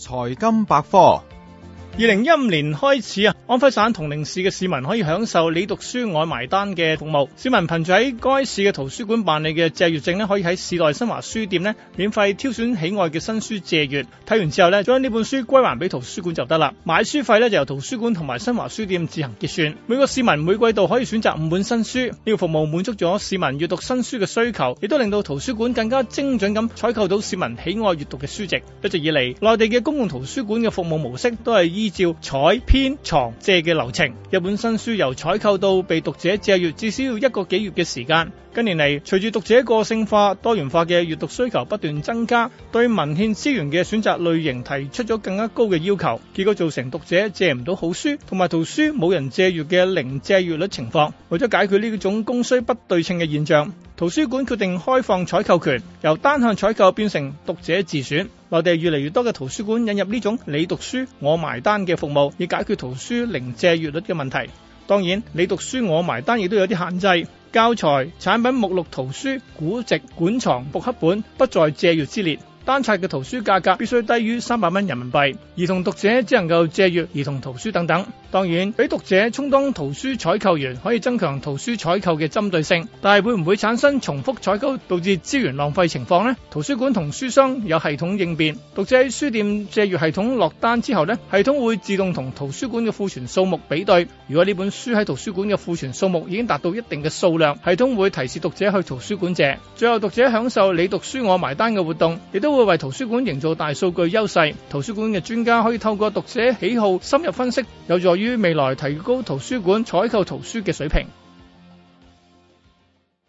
財金百科，二零一五年開始啊。安徽省銅陵市嘅市民可以享受你讀書我埋單嘅服務。市民憑住喺該市嘅圖書館辦理嘅借閱證呢，可以喺市內新華書店呢，免費挑選喜愛嘅新書借閱，睇完之後呢，將呢本書歸還俾圖書館就得啦。買書費呢，就由圖書館同埋新華書店自行結算。每個市民每季度可以選擇五本新書。呢、這個服務滿足咗市民閱讀新書嘅需求，亦都令到圖書館更加精準咁採購到市民喜愛閱讀嘅書籍。一直以嚟，內地嘅公共圖書館嘅服務模式都係依照採編藏。借嘅流程，一本新書由採購到被讀者借閱，至少要一個幾月嘅時間。近年嚟，隨住讀者個性化、多元化嘅閱讀需求不斷增加，對文獻資源嘅選擇類型提出咗更加高嘅要求，結果造成讀者借唔到好書，同埋圖書冇人借閱嘅零借閱率情況。為咗解決呢種供需不對稱嘅現象，圖書館決定開放採購權，由單向採購變成讀者自選。內地越嚟越多嘅圖書館引入呢種你讀書我埋單嘅服務，以解決圖書零借閱率嘅問題。當然，你讀書我埋單亦都有啲限制，教材、產品目錄、圖書、古籍、館藏、複刻本不在借閱之列。單冊嘅圖書價格必須低於三百蚊人民幣，兒童讀者只能夠借閱兒童圖書等等。當然，俾讀者充當圖書採購員可以增強圖書採購嘅針對性，但係會唔會產生重複採購導致資源浪費情況呢？圖書館同書商有系統應變，讀者喺書店借閱系統落單之後呢，系統會自動同圖書館嘅庫存數目比對。如果呢本書喺圖書館嘅庫存數目已經達到一定嘅數量，系統會提示讀者去圖書館借。最後，讀者享受你讀書我埋單嘅活動，亦都會為圖書館營造大數據優勢。圖書館嘅專家可以透過讀者喜好深入分析，有助於。於未來提高圖書館採購圖書嘅水平。